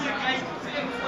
すいません。